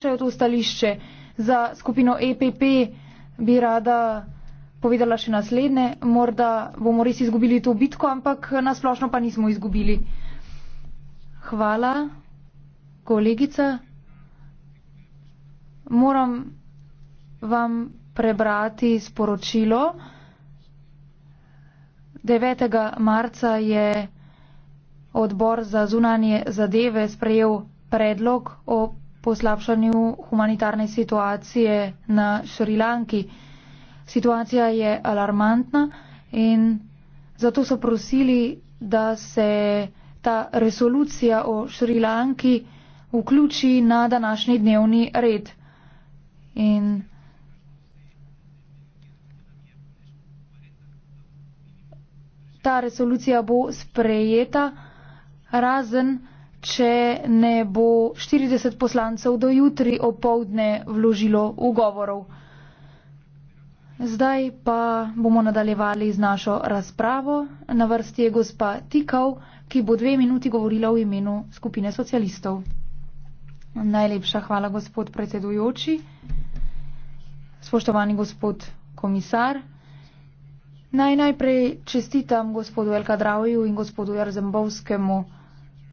Zdaj to stališče za skupino EPP bi rada povedala še naslednje. Morda bomo res izgubili to bitko, ampak nasplošno pa nismo izgubili. Hvala, kolegica. Moram vam prebrati sporočilo. 9. marca je odbor za zunanje zadeve sprejel predlog o poslabšanju humanitarne situacije na Šrilanki. Situacija je alarmantna in zato so prosili, da se ta resolucija o Šrilanki vključi na današnji dnevni red. In ta resolucija bo sprejeta razen če ne bo 40 poslancev do jutri opovdne vložilo ugovorov. Zdaj pa bomo nadaljevali z našo razpravo. Na vrsti je gospa Tikal, ki bo dve minuti govorila v imenu skupine socialistov. Najlepša hvala, gospod predsedujoči. Spoštovani gospod komisar. Naj najprej čestitam gospodu Elka Dravju in gospodu Jarzembovskemu